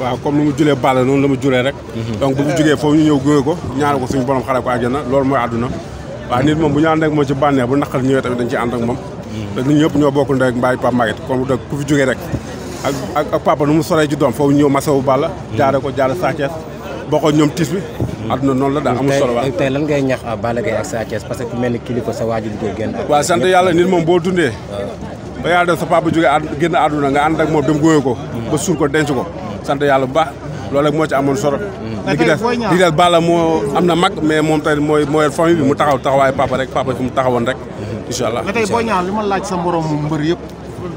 waaw comme ni mu julee Balla noonu la mu julee rek mhm. donc bu ñu jugee foofu ñu ñëw gunge ko ñaanal ko suñu borom xale ko àjjana loolu mooy àdduna waaw nit moom bu ñu ànd moom ci bànneex bu naqar ñëwee tamit dañ ci ànd moom mhm. te ñoo bokk ndey mbaay Pape Maguette kon da ku fi jógee rek ak ak papa nu mu soree ci doom foofu ñëw masawu Balla mhm. jaare ko jaare Sa Thiès bokkoo ñoom tiis bi àdduna noonu la daal amul solo waaw tey lan ngay ñax Balla Gaye ak Sa Thiès parce que ku mel ni kilifa sa waajur góor génn waaw sant yàlla nit moom boo dundee ba yàlla def sa papa jógee ànd génn àdduna nga ànd ak moom dem góoyoo ko. ba suur ko denc ko. sant yàlla bu baax loolu rek moo ci amoon solo. Mm. li ki des li des Balla moo am na mag mais moom tamit mooy mooy famille bi mu taxaw taxawaayu papa rek papa fi mu taxawoon rek. Mm. incha allah mais tey li ma laaj sa morom mbër yëpp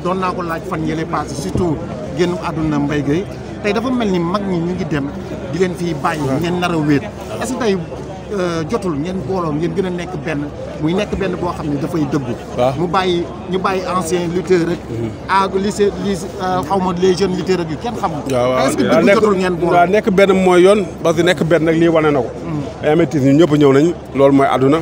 doon naa ko laaj fan yële passé surtout génn àdduna Mbaye Gueye tey dafa mel ni mag ñi ñu ngi dem di leen fiy bàyyi. ngeen nar a wéet Euh, jotul ngeen booloo ngeen gën a nekk benn muy nekk benn boo xam ne dafay dëggu mu bàyyi ñu bàyyi ancien lutteur rek ah mhm. lycée lycée euh, xaw ma les jeunes lutteurs ak yu kenn xamul est-ce que dëgg jotul ngeen booloo waaw nekk benn mooy yoon parce que nekk benn nag lii wane na ko mhm. ay métis ñu ñëpp ñëw nañu loolu mooy àdduna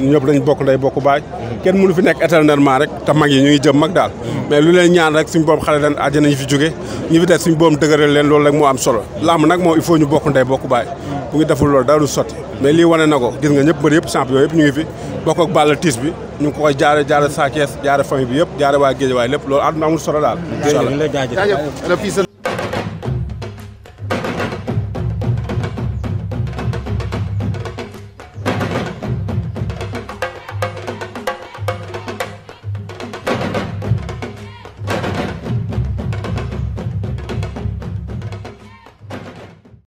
ñu ñëpp dañ bokk day bokk baay kenn mënu fi nekk éternellement rek te mag yi ñu ngi jëm mag daal mais lu leen ñaan rek suñu boom xale leen àjjana ñu fi jóge ñu fi des suñu boom dëgëral leen loolu rek moo am solo làmb nag moom il faut ñu bokk ndey bokk baay bu ngi deful loolu dara du sotti mais lii wane na ko gis nga ñëpp bëri yëpp champion yëpp ñu ngi fi bokk ak tiis bi ñu ngi ko jaare jaare Sa jaare famille bi yëpp jaare waa Géejawaay lépp